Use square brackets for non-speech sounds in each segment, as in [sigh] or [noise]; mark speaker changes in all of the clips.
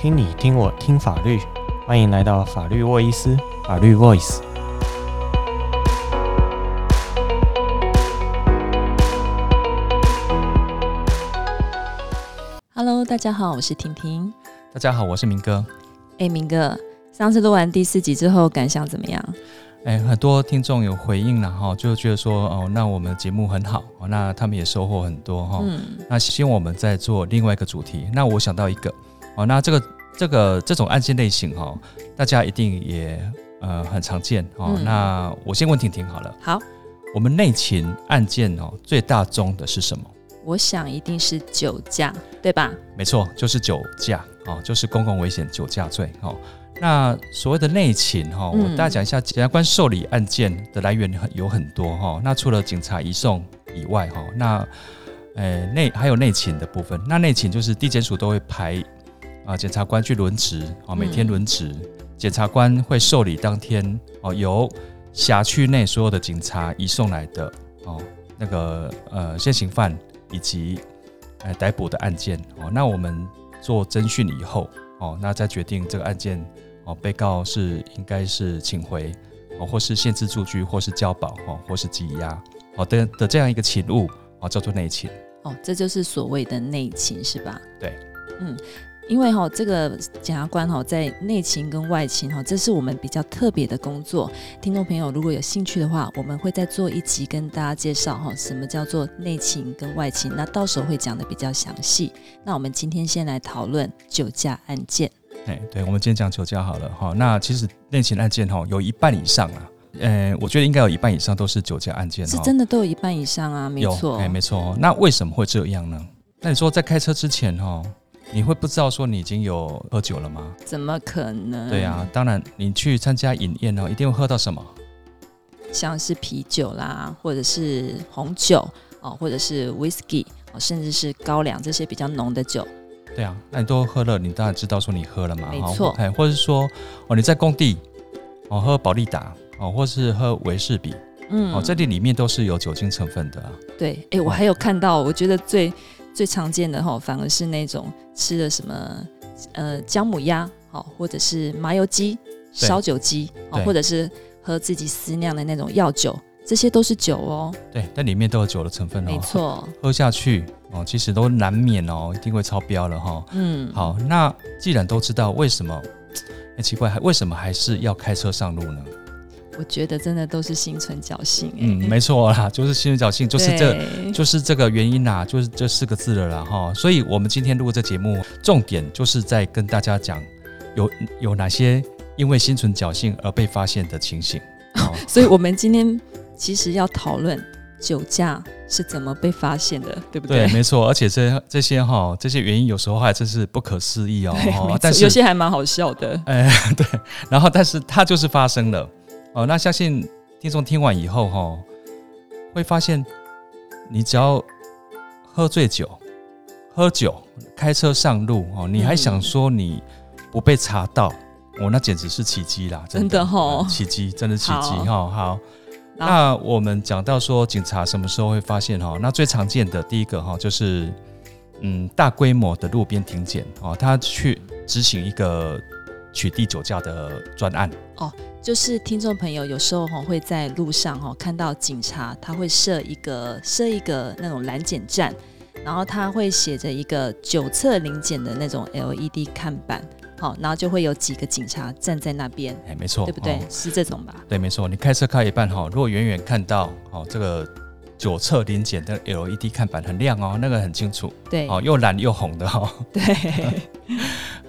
Speaker 1: 聽你聽我聽法律，歡迎來到法律沃伊絲，法律 Voice。
Speaker 2: Hello，大家好，我是婷婷。
Speaker 1: 大家好，我是明哥。
Speaker 2: 哎，明哥，上次錄完第四集之後感想怎麼樣？
Speaker 1: 哎，很多聽眾有回應，然後就覺得說，哦，那我們的節目很好，那他們也收穫很多哈。嗯，那先我們再做另外一個主題。那我想到一個。好，那這個這個這種案件類型哈，大家一定也呃很常見哦。嗯、那我先問婷婷好了。好，我們內勤案件哦，最大宗的是什麼？
Speaker 2: 我想一定是酒駕，對吧？
Speaker 1: 沒錯，就是酒駕哦，就是公共危險酒駕罪。好，那所謂的內勤哈，我大概講一下，檢察官受理案件的來源很有很多哈。那除了警察移送以外哈，那呃內還有內勤的部分，那內勤就是地檢署都會排。啊，檢察官去輪值、啊、每天輪值。檢、嗯、察官會受理當天哦、啊，由轄區內所有的警察移送來的哦、啊，那個呃，現行犯以及、呃、逮捕的案件哦、啊。那我們做偵訊以後哦、啊，那再決定這個案件哦、啊，被告是應該是請回哦、啊，或是限制住居，或是交保哦、啊，或是羈押哦、啊、的的這樣一個勤務哦、啊，叫做內
Speaker 2: 勤。哦，這就是所謂的內勤，是吧？對，嗯。因為哈，這個檢察官哈，在內勤跟外勤哈，這是我們比較特別的工作。聽眾朋友如果有興趣的話，我們會再做一集跟大家介紹哈，什麼叫做內勤跟外勤？那到時候會講得比較詳細。那我們今天先來討論酒駕案件。
Speaker 1: 哎，對，我們今天講酒駕好了哈。那其實內勤案件哈，有一半以上啊。呃，我覺得應該有一半以上都是酒駕案件。是真的，
Speaker 2: 都有一半以上啊，沒錯，哎、欸，
Speaker 1: 沒錯。那為什麼會這樣呢？那你說在開車之前哈？你會不知道說你已經有喝酒了嗎？
Speaker 2: 怎麼可能？對啊，
Speaker 1: 當然，你去參加飲宴哦，一定會喝到什麼，
Speaker 2: 像是啤酒啦，或者是紅酒哦，或者是 whisky 哦，甚至是高粱這些比較濃的酒。
Speaker 1: 對啊，那你都喝了，你當然知道說你喝了嘛。沒錯，哎、哦，或者是說哦，你在工地哦，喝保利達哦，或是喝維士比，嗯，哦，這裡裡面都是有酒精成分的。
Speaker 2: 對，哎，我還有看到，哦、我覺得最。最常見的哈、喔，反而是那種吃的什麼，呃，薑母鴨，好、喔，或者是麻油雞、燒酒雞對、喔，或者是喝自己私釀的那種藥酒，這些都是酒哦、喔。
Speaker 1: 對，但裡面都有酒的成分哦、喔。沒錯錯，喝下去哦、喔，其實都難免哦、喔，一定會超標了哈、喔。嗯，好，那既然都知道，為什麼很、欸、奇怪，還為什麼還是要開車上路呢？
Speaker 2: 我覺得真的都是心存僥倖、欸，
Speaker 1: 嗯，沒錯啦，就是心存僥倖，就是這，對就是這個原因啦，就是這四個字了啦哈。所以，我們今天錄這節目，重點就是在跟大家講，有有哪些因為心存僥倖而被發現的情形。喔
Speaker 2: 哦、所以，我們今天其實要討論酒駕是怎麼被發現的，對不對？對，沒
Speaker 1: 錯。而且這，這這些哈，這些原因有時候還真是不可思議哦、喔。但是，有些還蠻
Speaker 2: 好笑的。
Speaker 1: 哎、欸，對。然後，但是它就是發生了。哦，那相信聽眾聽完以後哈、哦，會發現，你只要喝醉酒、喝酒、開車上路哦，你還想說你不被查到，嗯、哦，那簡直是奇蹟啦！真的哈、嗯，奇蹟，真的奇蹟哈。好，好好那我們講到說，警察什麼時候會發現哈、哦？那最常見的第一個哈，就是嗯，大規模的路邊停檢哦，他去執行一個。取締酒駕的專案
Speaker 2: 哦，就是聽眾朋友有時候會在路上看到警察，他會設一個設一個那種攔檢站，然後他會寫着一個酒測零檢的那種 LED 看板，然後就會有幾個警察站在那邊。哎，沒錯，對不對？哦、是這種吧？
Speaker 1: 對，沒錯。你開車開一半哈，如果遠遠看到哦這個。酒測臨檢的 LED 看板很亮哦，那個很清楚。對哦，又藍又紅的哈、哦。對呵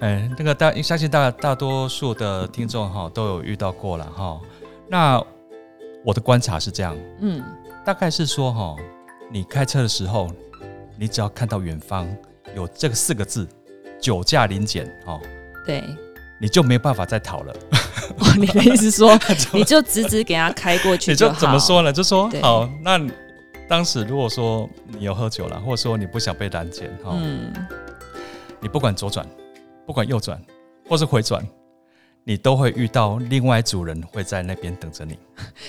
Speaker 1: 呵，那個大相信大大多數的聽眾哈、哦、都有遇到過了哈、哦。那我的觀察是這樣，嗯，大概是說哈、哦，你開車的時候，你只要看到遠方有這四個字“酒駕臨檢”哦，對，你就沒有辦法再逃了。
Speaker 2: 哦，你的意思說， [laughs] 麼你就直直給他開過去，你就怎麼說呢？就說對好，那你。
Speaker 1: 當時如果說你有喝酒了，或者說你不想被攔截，哈、嗯，你不管左轉、不管右轉，或是回轉，你都會遇到另外一組人會在那邊等着你。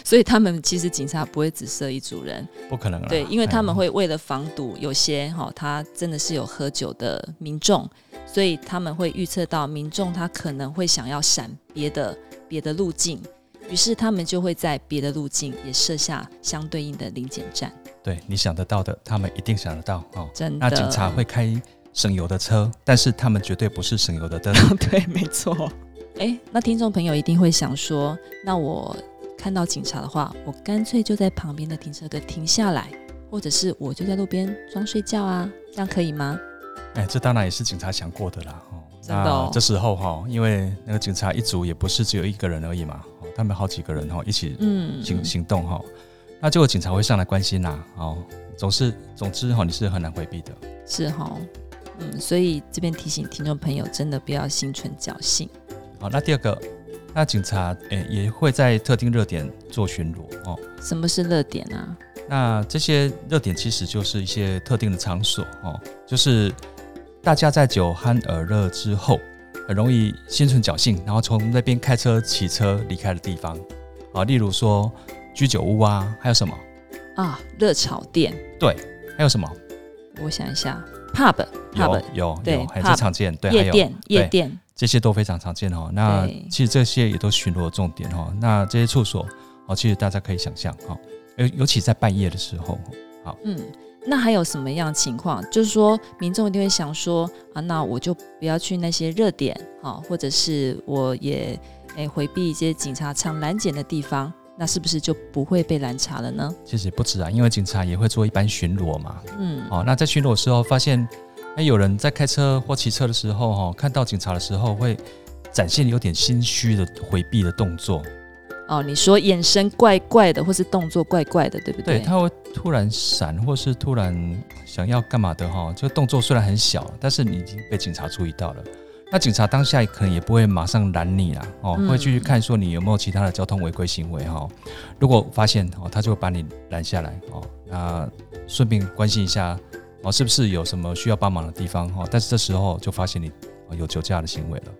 Speaker 2: 所以他們其實警察不會只設一組人，不可能啊。對，因為他們會為了防堵，有些哈，他真的是有喝酒的民眾，所以他們會預測到民眾他可能會想要閃別的別的路徑，於是他們就會在別的路徑也設下相對應的臨檢站。
Speaker 1: 對，你想得到的，他們一定想得到哦。真的。那警察會開省油的車，但是他們絕對不是省油的燈。
Speaker 2: [laughs] 對，沒錯。誒，那聽眾朋友一定會想說，那我看到警察的話，我乾脆就在旁邊的停車格停下來，或者是我就在路邊裝睡覺啊，這樣可以嗎？
Speaker 1: 誒，這當然也是警察想過的啦。哦、
Speaker 2: 真的、哦。那這
Speaker 1: 時候哈、哦，因為那個警察一組也不是只有一個人而已嘛，哦、他們好幾個人哈、哦、一起行、嗯、行動哈、哦。嗯那就有警察會上來關心啦，哦，總是總之哈，你是很難回避的。
Speaker 2: 是哈、哦，嗯，所以這邊提醒聽眾朋友，真的不要心存僥倖。
Speaker 1: 好，那第二個，那警察誒、欸、也會在特定熱點做巡邏哦。
Speaker 2: 什麼是熱點呢、啊？
Speaker 1: 那這些熱點其實就是一些特定的場所哦，就是大家在酒酣耳熱之後，很容易心存僥倖，然後從那邊開車、騎車離開的地方啊，例如說。居酒屋啊，還有什麼
Speaker 2: 啊？熱炒店
Speaker 1: 對，還有什麼？
Speaker 2: 我想一下，pub，pub 有 Pub, 有，有對，還常見，Pub, 對，還有夜店，對夜店
Speaker 1: 這些都非常常見哦。那對其實這些也都巡邏的重點哦。那這些處所哦，其實大家可以想象哦，尤尤其在半夜的時候，好，嗯，
Speaker 2: 那還有什麼樣的情況？就是說，民眾一定會想說啊，那我就不要去那些熱點，好，或者是我也哎回避一些警察常攔截的地方。那是不是就不會被攔查了呢？
Speaker 1: 其實不止啊，因為警察也會做一般巡邏嘛。嗯，哦，那在巡邏的時候發現，那、欸、有人在開車或騎車的時候，哈、哦，看到警察的時候會展現有點心虛的回避的動作。
Speaker 2: 哦，你說眼神怪怪的，或是動作怪怪的，對不對？對，他會
Speaker 1: 突然閃，或是突然想要幹嘛的哈？這、哦、個動作雖然很小，但是你已經被警察注意到了。那警察當下可能也不會馬上攔你啦哦、嗯，哦，會繼續看說，你有沒有其他的交通違規行為哈、哦。如果發現哦，他就會把你攔下來哦，那順便關心一下哦，是不是有什麼需要幫忙的地方哈、哦。但是這時候就發現你有酒駕的行為了。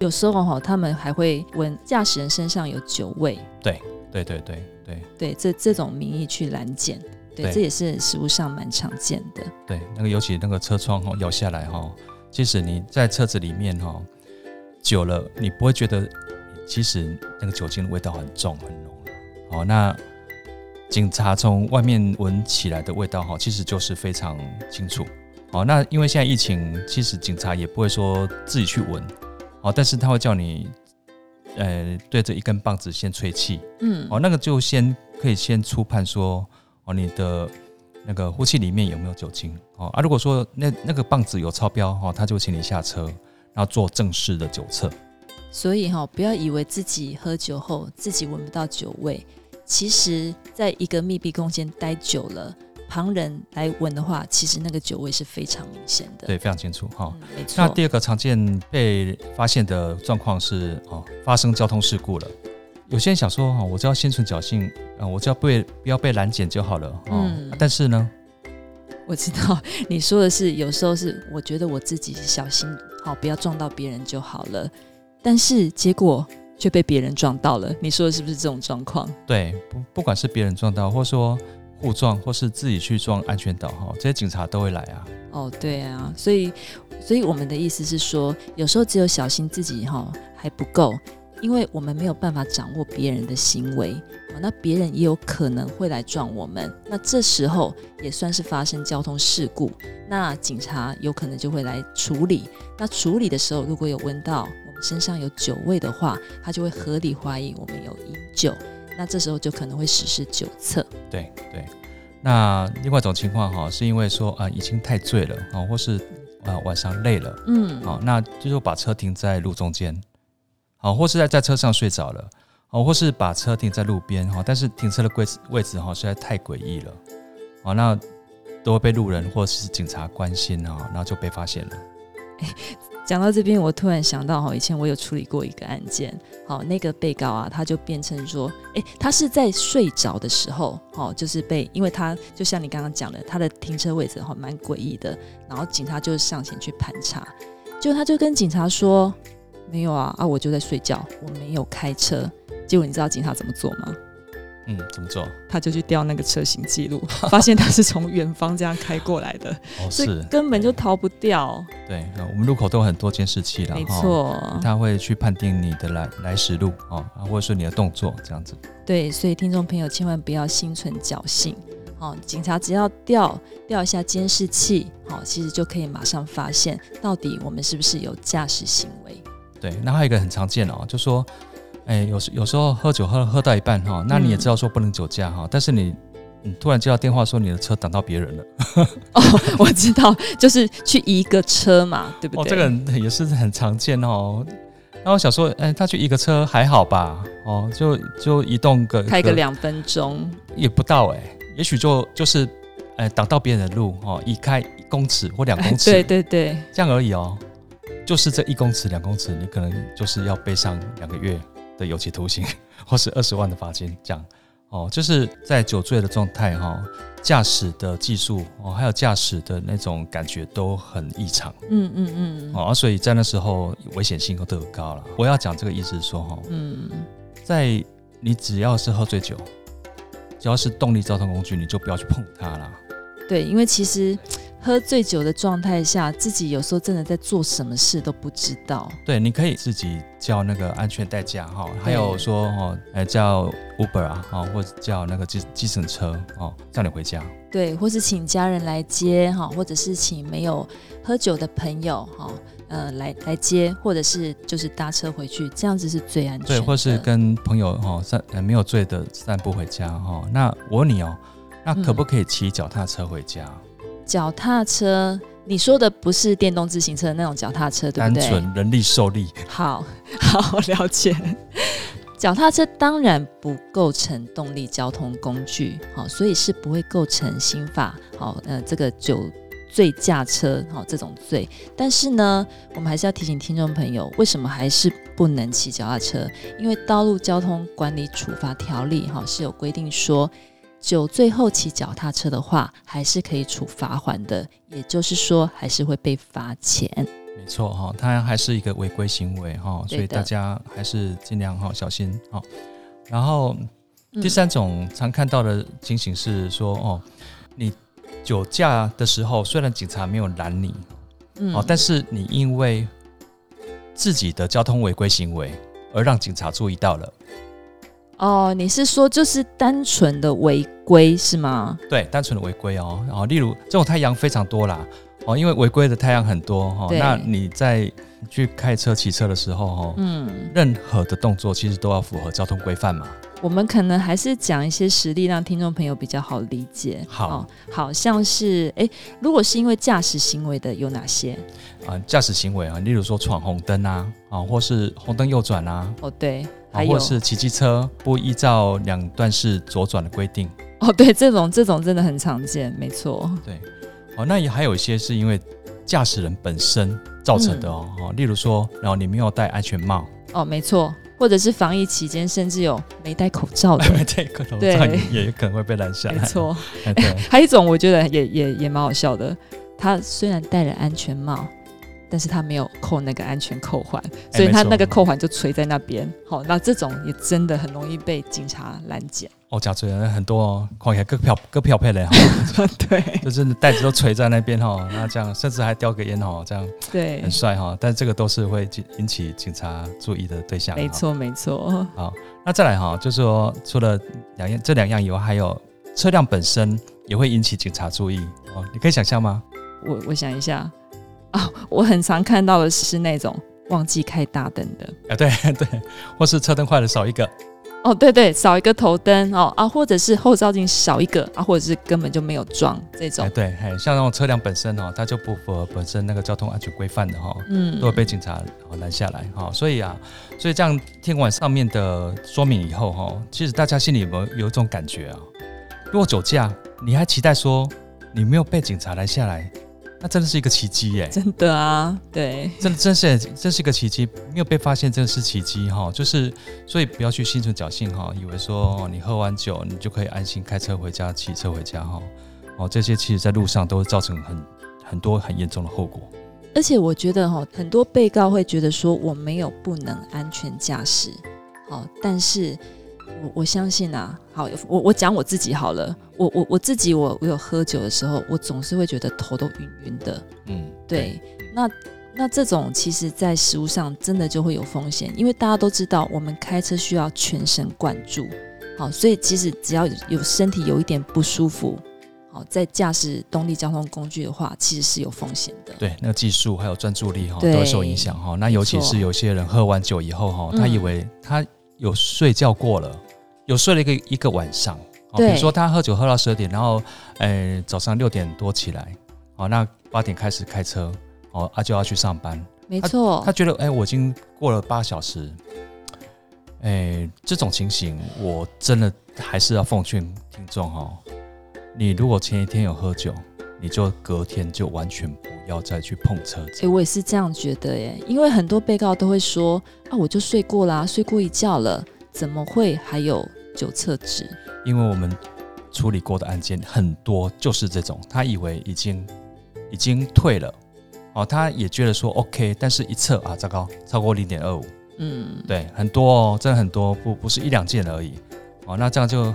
Speaker 2: 有時候哈，他們還會聞駕駛人身上有酒味。
Speaker 1: 對對對對對
Speaker 2: 對，這這種名義去攔檢，對，對，這也是實務上蠻常見的。
Speaker 1: 對，那個尤其那個車窗哈，搖下來哈、哦。即使你在車子裡面哈，久了你不會覺得，其實那個酒精的味道很重很濃。哦，那警察從外面聞起來的味道哈，其實就是非常清楚。哦，那因為現在疫情，其實警察也不會說自己去聞，哦，但是他會叫你，呃，對着一根棒子先吹氣，嗯，哦，那個就先可以先初判說，哦，你的。那個呼氣裡面有沒有酒精？哦啊，如果說那那個棒子有超標哈，他就請你下車，然後做正式的酒測。
Speaker 2: 所以哈、哦，不要以為自己喝酒後自己聞不到酒味，其實在一個密閉空間待久了，旁人來聞的話，其實那個酒味是非常明顯的。
Speaker 1: 對，非常清楚哈。哦嗯、沒錯。那第二個常見被發現的狀況是哦，發生交通事故了。有些人想說哈，我只要心存僥幸，呃，我只要被不要被攔檢就好了。嗯、啊。但是呢，
Speaker 2: 我知道你說的是，有時候是我覺得我自己小心，好不要撞到別人就好了，但是結果卻被別人撞到了。你說的是不是這種狀況？
Speaker 1: 對，不不管是別人撞到，或說互撞，或是自己去撞安全島哈，這些警察都會來啊。
Speaker 2: 哦，對啊，所以所以我們的意思是說，有時候只有小心自己哈還不夠。因為我們沒有辦法掌握別人的行為，那別人也有可能會來撞我們，那這時候也算是發生交通事故，那警察有可能就會來處理。那處理的時候，如果有聞到我們身上有酒味的話，他就會合理懷疑我們有飲酒，那這時候就可能會實施酒測。
Speaker 1: 對對，那另外一種情況哈，是因為說啊已經太醉了啊，或是啊晚上累了，嗯，好，那就說把車停在路中間。哦，或是，在在車上睡着了，哦，或是把車停在路邊，哈，但是停車的位位置哈實在太詭異了，哦，那都會被路人或是警察關心啊，然後就被發現了。欸，
Speaker 2: 講到這邊，我突然想到，哈，以前我有處理過一個案件，好，那個被告啊，他就變成說、欸，他是在睡着的時候，哦，就是被，因為他就像你剛剛講的，他的停車位置哈蠻詭異的，然後警察就上前去盤查，就他就跟警察說。沒有啊啊，我就在睡覺，我沒有開車。結果你知道警察怎麼做嗎？嗯，
Speaker 1: 怎麼做？
Speaker 2: 他就去調那個車型記錄， [laughs] 發現他是從遠方這樣開過來的，哦、是所以根本就逃不掉。
Speaker 1: 對，對，我們路口都有很多監視器了，沒錯錯、哦，他會去判定你的來來時路啊、哦，或者說你的動作這樣子。
Speaker 2: 對，所以聽眾朋友千萬不要心存僥倖哦。警察只要調調一下監視器，哦，其實就可以馬上發現到底我們是不是有駕駛行為。
Speaker 1: 對，那還有一個很常見哦，就說，哎，有時有時候喝酒喝喝到一半哈、哦，那你也知道說不能酒駕哈、哦，嗯、但是你你、嗯、突然接到電話說你的車擋到別人了，
Speaker 2: [laughs] 哦，我知道，就是去移一個車嘛，對不對？哦，這
Speaker 1: 個也是很常見哦。那我想說，嗯，他去移一個車還好吧？哦，就就移動個開個兩分鐘，也不到哎，也許就就是，哎、呃，擋到別人的路哦，移開一公尺或兩公尺，哎、
Speaker 2: 對對對，這
Speaker 1: 樣而已哦。就是這一公尺、兩公尺，你可能就是要背上兩個月的有期徒刑，或是二十萬的罰金這樣。哦，就是在酒醉的狀態哈，駕駛的技術哦，還有駕駛的那種感覺都很異常。
Speaker 2: 嗯嗯嗯。嗯
Speaker 1: 嗯哦，所以在那時候危險性都都很高了。我要講這個意思是說哈、哦，嗯，在你只要是喝醉酒，只要是動力交通工具，你就不要去碰它啦。
Speaker 2: 對，因為其實。喝醉酒的狀態下，自己有時候真的在做什麼事都不知道。
Speaker 1: 對，你可以自己叫那個安全代駕哈，還有說哦，哎叫 Uber 啊，或者叫那個計計程車哦，叫你回家。
Speaker 2: 對，或是請家人來接哈，或者是請沒有喝酒的朋友哈，呃來來接，或者是就是搭車回去，這樣子是最安全的。對，或
Speaker 1: 是跟朋友哈散沒有醉的散步回家哈。那我問你哦，
Speaker 2: 那可不
Speaker 1: 可以騎腳踏車回家？嗯
Speaker 2: 腳踏車，你說的不是電動自行車那種腳踏車，對不對？單純
Speaker 1: 人力受力。
Speaker 2: 好，好了解了。腳 [laughs] 踏車當然不構成動力交通工具，好，所以是不會構成刑法，好，呃，這個酒醉駕車，好，這種罪。但是呢，我們還是要提醒聽眾朋友，為什麼還是不能騎腳踏車？因為《道路交通管理處罰條例》好，是有規定說。酒最後騎腳踏車的話，還是可以處罰款的，也就是說，還是會被罰錢。
Speaker 1: 沒錯，哈，當然還是一個違規行為，哈的，所以大家還是盡量哈小心。然後第三種常看到的情形是說，哦、嗯，你酒駕的時候，雖然警察沒有攔你，嗯，哦，但是你因為自己的交通違規行為而讓警察注意到了。
Speaker 2: 哦，你是說就是單純的違規是嗎？
Speaker 1: 對，單純的違規哦，哦例如這種太陽非常多啦，哦，因為違規的太陽很多哈。哦、對那你在去開車、騎車的時候哈，嗯，任何的動作其實都要符合交通規範嘛。
Speaker 2: 我們可能還是講一些實例，讓聽眾朋友比較好理解。好、哦，好像是哎，如果是因為駕駛行為的有哪些、
Speaker 1: 呃？駕駛行為啊，例如說闖紅燈啊，啊、哦，或是紅燈右轉啊。哦，對。哦、或者是騎機車不依照兩段式左轉的規定
Speaker 2: 哦，對，這種這種真的很常見，沒錯。
Speaker 1: 對，哦，那也還有一些是因為駕駛人本身造成的哦、嗯、哦，例如說，然後你沒有戴安全帽
Speaker 2: 哦，沒錯，或者是防疫期間甚至有沒戴口罩的，嗯、沒戴口罩，對，也可能會被攔下來。沒錯、欸，還有一種我覺得也也也蠻好笑的，他雖然戴了安全帽。但是他沒有扣那個安全扣環，欸、所以他那個扣環就垂在那邊。好、欸嗯哦，那這種也真的很容易被警察攔截。
Speaker 1: 哦，假醉人很多哦，看起來各票各票配的哈、哦， [laughs] 對，就是袋子都垂在那邊哈、哦。那這樣甚至還叼個菸哈、哦，這樣對，很帥哈、哦。但是這個都是會引起警察注意的對象、哦沒
Speaker 2: 錯。沒錯，沒錯。
Speaker 1: 好，那再來哈、哦，就是說、哦、除了兩樣這兩樣以外，還有車輛本身也會引起警察注意哦。你可以想象嗎？
Speaker 2: 我我想一下。啊、哦，我很常看到的是那種忘記開大燈的，
Speaker 1: 啊，對對，或是車燈壞了少一個，
Speaker 2: 哦，對對，少一個頭燈哦啊，或者是後照鏡少一個啊，或者是根本就沒有裝這種，
Speaker 1: 哎、對，像那種車輛本身哦，它就不符合本身那個交通安全規範的哈，嗯，都會被警察攔下來哈，嗯、所以啊，所以這樣聽完上面的說明以後哈，其實大家心裡有沒有有一種感覺啊？如果酒駕，你還期待說你沒有被警察攔下來？那、啊、真的是一個奇蹟耶，真
Speaker 2: 的啊，對，
Speaker 1: 真的，真的是，真是一個奇蹟，沒有被發現，真的是奇蹟哈、哦。就是，所以不要去心存僥倖哈、哦，以為說你喝完酒你就可以安心開車回家、騎車回家哈、哦。哦，這些其實在路上都會造成很很多很嚴重的後果。
Speaker 2: 而且我覺得哈、哦，很多被告會覺得說我沒有不能安全駕駛，好、哦，但是。我我相信啊，好，我我講我自己好了，我我我自己，我我有喝酒的時候，我總是會覺得頭都暈暈的，嗯，對。對那那這種其實，在實務上真的就會有風險，因為大家都知道，我們開車需要全神貫注，好，所以其實只要有身體有一點不舒服，好，在駕駛動力交通工具的話，其實是有風險
Speaker 1: 的。對，那個技術還有專注力哈，對都會受影響哈。那尤其是有些人喝完酒以後哈，錯他以為他。有睡覺過了，有睡了一個一個晚上。對比如說他喝酒喝到十二點，然後，哎、欸，早上六點多起來，哦、啊，那八點開始開車，哦、啊，他就要去上班。沒錯錯，他覺得哎、欸，我已經過了八小時，哎、欸，這種情形，我真的還是要奉勸聽眾哈、喔，你如果前一天有喝酒。你就隔天就完全不要再去碰車子。哎，
Speaker 2: 我也是這樣覺得耶，因為很多被告都會說啊，我就睡過啦，睡過一覺了，怎麼會還有酒測值？
Speaker 1: 因為我們處理過的案件很多，就是這種，他以為已經已經退了哦，他也覺得說 OK，但是一測啊，糟糕，超過零點二五，嗯，對，很多哦，真的很多，不不是一兩件而已哦，那這樣就。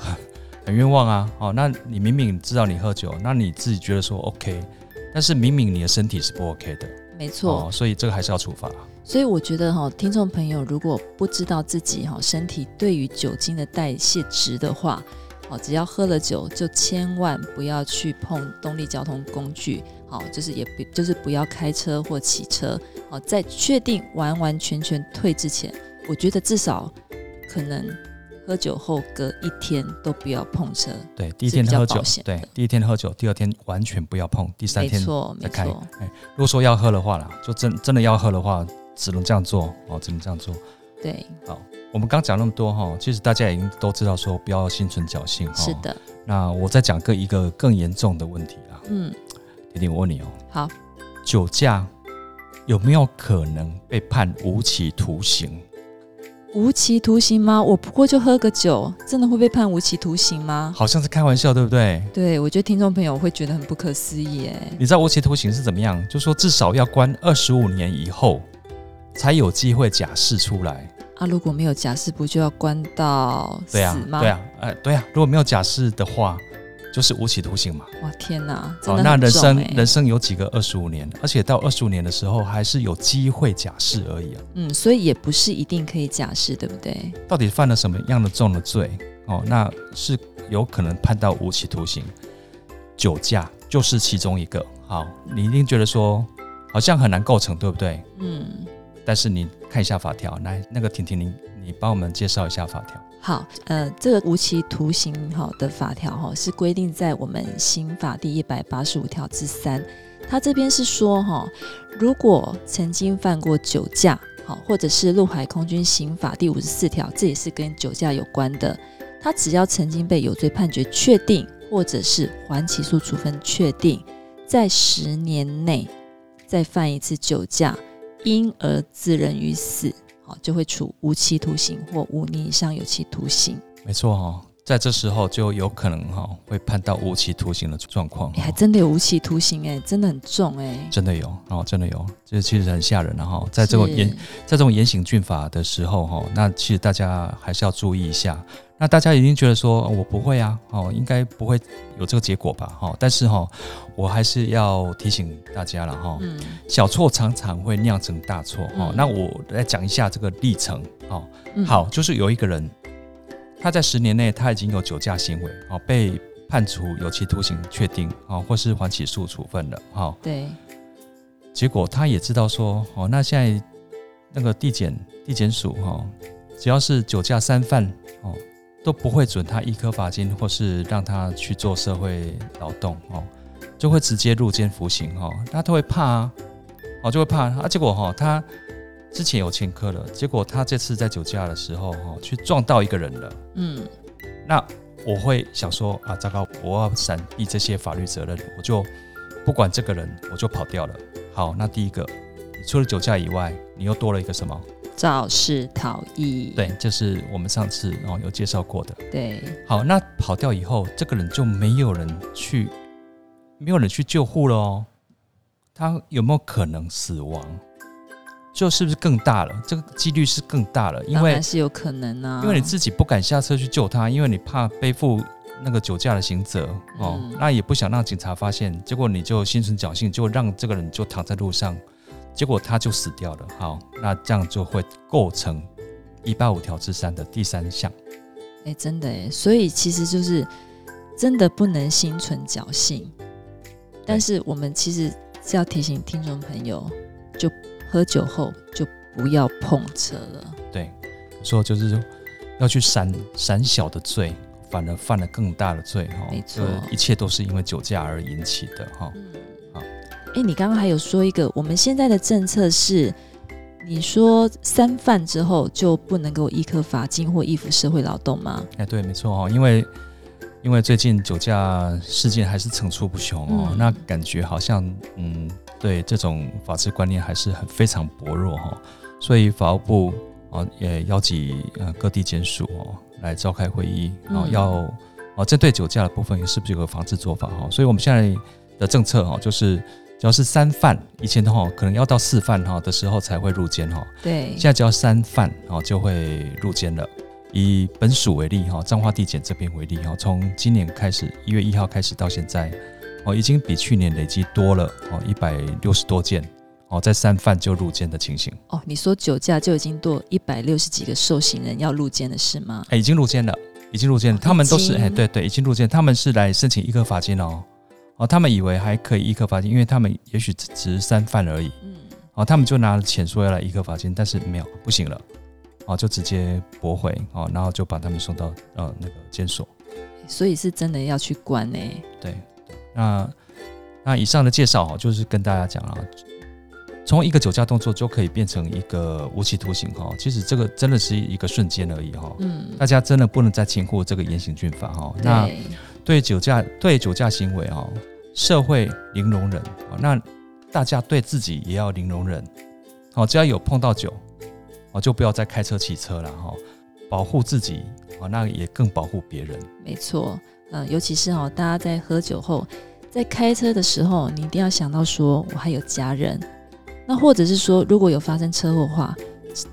Speaker 1: 很冤枉啊！哦，那你明明知道你喝酒，那你自己覺得說 OK，但是明明你的身體是不 OK 的，沒錯，哦，所以這個還是要處罰。
Speaker 2: 所以我覺得哈，聽眾朋友如果不知道自己哈身體對於酒精的代謝值的話，好，只要喝了酒就千萬不要去碰動力交通工具，好，就是也不就是不要開車或騎車，好，在確定完完全全退之前，我覺得至少可能。喝酒後隔一天都不要碰車。對，第一天喝酒，
Speaker 1: 對，第一天喝酒，第二天完全不要碰，第三天再開。沒錯，沒錯。欸，如果說要喝的話啦，就真真的要喝的話，只能這樣做哦，只能這樣做。對，好，我們剛講那麼多哈，其實大家已經都知道說不要心存僥倖。是的、哦。那我再講個一個更嚴重的問題啊。嗯。婷婷，我問你哦、喔。
Speaker 2: 好。
Speaker 1: 酒駕有沒有可能被判無期徒刑？
Speaker 2: 無期徒刑嗎？我不過就喝個酒，真的會被判無期徒刑嗎？
Speaker 1: 好像是開玩笑，對不對？
Speaker 2: 對，我覺得聽眾朋友會覺得很不可思議。誒，你
Speaker 1: 知道無期徒刑是怎麼樣？就說至少要關二十五年以後，才有機會假釋出來。
Speaker 2: 啊，如果沒有假釋，不就要關到死嗎？對啊，哎、
Speaker 1: 啊呃，對啊，如果沒有假釋的話。就是無期徒刑嘛！
Speaker 2: 哇，天哪，的欸、哦，那人生
Speaker 1: 人生有幾個二十五年？而且到二十五年的時候，還是有機會假釋而已啊。嗯，
Speaker 2: 所以也不是一定可以假釋，對不對？
Speaker 1: 到底犯了什麼樣的重的罪？哦，那是有可能判到無期徒刑。酒駕就是其中一個。好，你一定覺得說好像很難構成，對不對？嗯。但是你看一下法條，來，那個婷婷，你。你幫我們介紹一下法條。
Speaker 2: 好，呃，這個無期徒刑好的法條哈，是規定在我們刑法第一百八十五條之三。他這邊是說哈，如果曾經犯過酒駕，好，或者是陸海空軍刑法第五十四條，這也是跟酒駕有關的。他只要曾經被有罪判決確定，或者是緩起訴處分確定，在十年內再犯一次酒駕，因而致人於死，就會處無期徒刑或五年以上有期徒刑。
Speaker 1: 沒錯哈，在這時候就有可能哈會判到無期徒刑的狀況。你
Speaker 2: 還真的有無期徒刑哎，真的很重哎，
Speaker 1: 真的有哦，真的有，這其實很嚇人哈、啊。在這種嚴、是在這種嚴刑峻法的時候哈，那其實大家還是要注意一下。那大家一定覺得說，我不會啊，哦，應該不會有這個結果吧，哈。但是哈，我還是要提醒大家了哈，小錯常常會釀成大錯。嗯。那我來講一下這個歷程哈，好，就是有一個人，他在十年內他已經有酒駕行為，被判處有期徒刑確定啊，或是緩起訴處分了哈。對。結果他也知道說，哦，那現在那個地檢地檢署哈，只要是酒駕三犯哦。都不會準他易科罰金，或是讓他去做社會勞動哦，就會直接入監服刑哦。他都會怕啊，哦就會怕啊。結果哈、哦，他之前有前科了，結果他這次在酒駕的時候哈、哦，去撞到一個人
Speaker 2: 了。
Speaker 1: 嗯，那我會想說啊，糟糕，我要閃避這些法律責任，我就不管這個人，我就跑掉了。好，那第一個，你除了酒駕以外，你又多了一個什麼？
Speaker 2: 肇事逃逸，
Speaker 1: 對，這、就是我們上次哦有介紹過的。對，好，那跑掉以後，這個人就沒有人去，沒有人去救護了哦。他有沒有可能死亡？就是不是更大了？這個幾率是更大了，因為，當然是
Speaker 2: 有可能啊。因為你
Speaker 1: 自己不敢下車去救他，因為你怕背負那個酒駕的刑責哦。嗯、那也不想讓警察發現，結果你就心存僥倖，就讓這個人就躺在路上。結果他就死掉了。好，那這樣就會構成一八五條之三的第三項。
Speaker 2: 哎、欸，真的哎，所以其實就是真的不能心存僥倖。但是我們其實是要提醒聽眾朋友，就喝酒後就不要碰車了。
Speaker 1: 對，說就是要去閃閃小的罪，反而犯了更大的罪哈。沒錯，一切都是因為酒駕而引起的哈。哦嗯
Speaker 2: 哎、欸，你剛剛還有說一個，我們現在的政策是，你說三犯之後就不能夠易科罰金或易服社會勞動嗎？
Speaker 1: 哎、欸，對，沒錯哦，因為因為最近酒駕事件還是層出不窮哦，嗯、那感覺好像嗯，對這種法治觀念還是很非常薄弱哈、哦，所以法務部啊、哦、也邀集呃各地檢署哦來召開會議啊，然後要、嗯、哦，針對酒駕的部分也是不是有個防治做法哈、哦，所以我們現在的政策哈、哦、就是。主要是三犯，以前的話可能要到四犯哈的時候才會入監哈。對，現在只要三犯哦就會入監了。以本署為例哈，彰化地檢這邊為例哈，從今年開始一月一號開始到現在哦，已經比去年累積多了哦一百六十多件哦，在三犯就入監的情形。
Speaker 2: 哦，你說酒駕就已經多一百六十幾個受刑人要入監的是嗎？
Speaker 1: 哎、已經入監了，已經入監，他們都是經、哎、對對，已經入監，他們是來申請一個罰金哦。哦，他們以為還可以易科罰金，因為他們也許只只是三犯而已。嗯，哦，他們就拿了錢說要來易科罰金，但是沒有，不行了，哦，就直接駁回哦，然後就把他們送到呃那個監所。
Speaker 2: 所以是真的要去關呢、欸？
Speaker 1: 對，那那以上的介紹哦，就是跟大家講了，從一個酒駕動作就可以變成一個無期徒刑哈，其實這個真的是一個瞬間而已哈。嗯，大家真的不能再輕忽這個嚴刑峻法哈。嗯、那。對酒駕，對酒駕行為哦，社會零容忍。那大家對自己也要零容忍。好，只要有碰到酒哦，就不要再開車騎車了哈。保護自己啊，那也更保護別人。
Speaker 2: 沒錯，嗯，尤其是哦，大家在喝酒後，在開車的時候，你一定要想到說我還有家人。那或者是說，如果有發生車禍的話，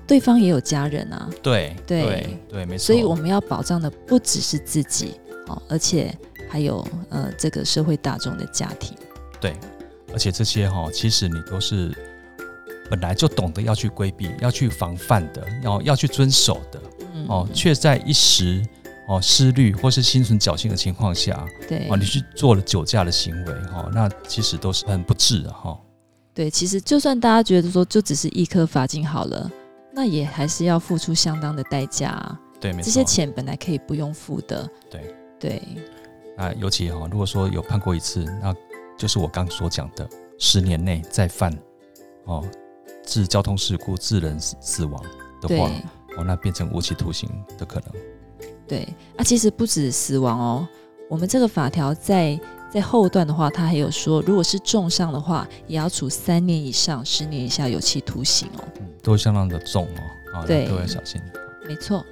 Speaker 2: 對方也有家人啊。
Speaker 1: 對對對，對，沒錯。
Speaker 2: 所以我們要保障的不只是自己。而且還有呃，這個社會大眾的家庭。
Speaker 1: 對，而且這些哈，其實你都是本來就懂得要去規避、要去防範的，要要去遵守的。嗯，嗯，嗯。哦，卻在一時哦失慮或是心存僥幸的情況下，對，哦，你去做了酒駕的行為，哦，那其實都是很不智的，哈。
Speaker 2: 對，其實就算大家覺得說就只是一科罰金好了，那也還是要付出相當的代價啊。
Speaker 1: 對，沒錯。這些錢
Speaker 2: 本來可以不用付的。對。對，
Speaker 1: 那、啊、尤其哈、啊，如果說有判過一次，那就是我剛所講的，十年內再犯，哦，致交通事故致人死，死亡的話，對哦，那變成無期徒刑的可能。
Speaker 2: 對，那、啊、其實不止死亡哦，我們這個法條在在後段的話，它還有說，如果是重傷的話，也要處三年以上十年以下有期徒刑哦、嗯，
Speaker 1: 都相當的重哦，
Speaker 2: 啊，都要對小心，沒錯。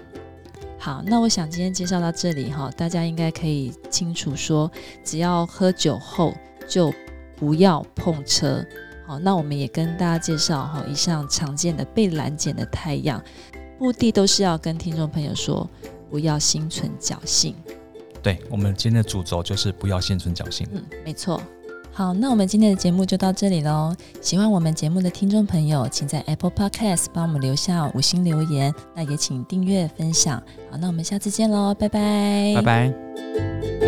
Speaker 2: 好，那我想今天介紹到這裡哈，大家應該可以清楚說，只要喝酒後就不要碰車。好，那我們也跟大家介紹哈，以上常見的被攔截的態樣，目的都是要跟聽眾朋友說，不要心存僥倖。
Speaker 1: 對，我們今天的主軸就是不要心存僥倖。
Speaker 2: 嗯，沒錯。好，那我們今天的節目就到這裡嘍。喜歡我們節目的聽眾朋友，請在 Apple Podcast 幫我們留下五星留言，那也請訂閱分享。好，那我們下次見嘍，拜拜，拜拜。